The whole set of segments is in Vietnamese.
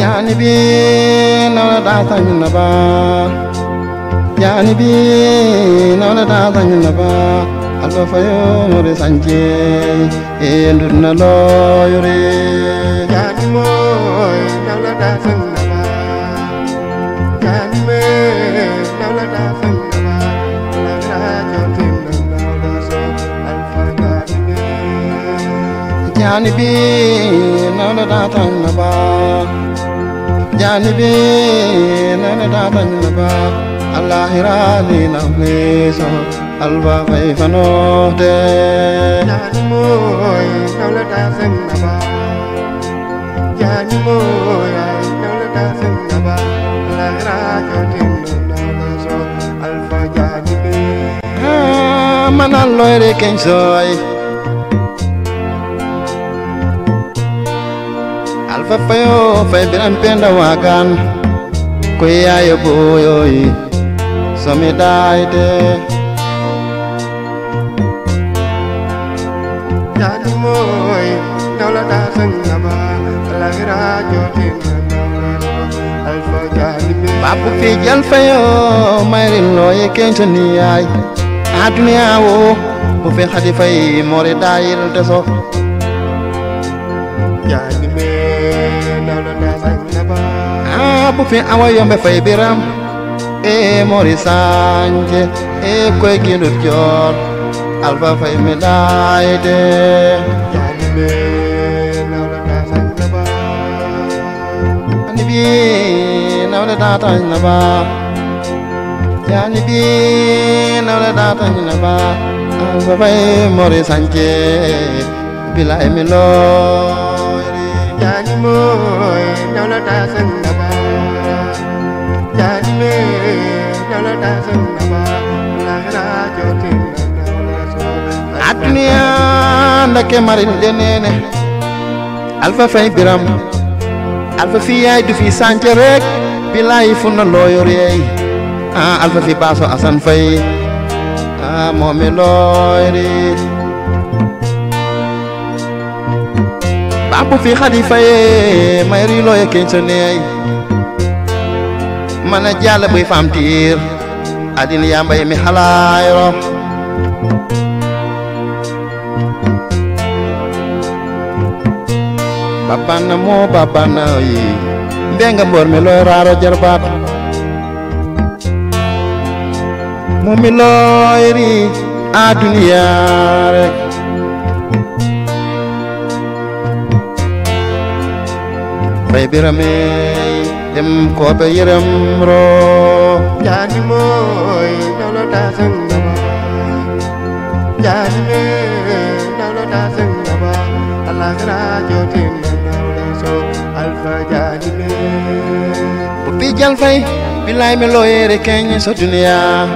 yani bi na da ta na ba yani bi na da ta na ba allo fa yo more sanje e ndur na lo yore yani mo na da ta na ba yani me na da ta na Yani bi na da ta na جانبي نانا دابن لبا الله هراني نغيسو البا كيف نوهد جاني موي نولا تاسن لبا جاني موي نولا تاسن لبا الله هراني نغيسو البا جانبي من الله يركن سوي fafayo faibiran penda wakan kuyayo buyoyi somidaite dadimoy dawla dasan ngaba lahira jotin alfa jalimi babu fi jalfayo mayrin loye kentani ay aduniya wo bu fi hadifay mori dayil deso bufi awa yombe fay biram e mori sanje e koy ginut jor alba fay mi laayde yaanime nawle tasañ na ba ani bi nawle taatañ na ba yaani bi nawle taatañ na ba alba fay mori sanje bilay mi looyri yaani mooy nawle tasañ na ba a duniyaa ndake marin lenene alfa fay biram alfa fi yaay du fi sànc rek bilaay fu na loo yor ah, alfa fi baaso asan fay a ah, moomi looyri baabu fi xadi faye mayri looye keñ so neey mana jaala buy faam tiir adin yamba mi halayro babana mo babana yi denga mbor mi lo raro jarbat mo mi lo iri aduniya rek bay birame dem ko be yiram roo Jadi moy, nalo ta sang nama. Jadi me, nalo ta sang nama. Allah kena jodoh mana ulah so alfa jadi me. Bupi jalfai, bilai meloyere kenya so dunia.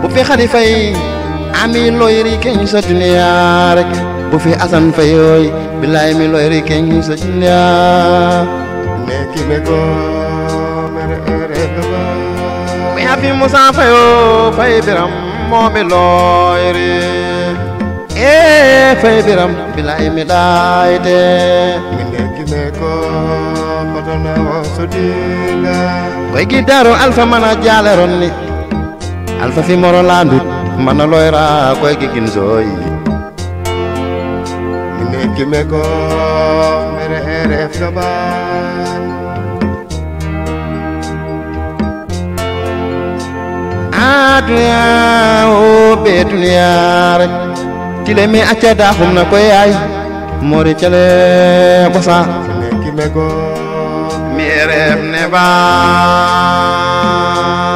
Bupi khalifai, ami loyere kenya so dunia. Bupi asan fayoy, bilai meloyere kenya so dunia. Mekimeko. fi musa fayo fay biram momi looyri e fay biram bilay mi ɗayde mi leggine ko kotonawo sodinga koye giddaro alpha mana jaale ronni alpha fi moro landut mana loyra koye gigin soyi mi leggime ko mere eref soban dunya o be dunya rek me acha da na ko yai mori chale kosa kime go mi ne ba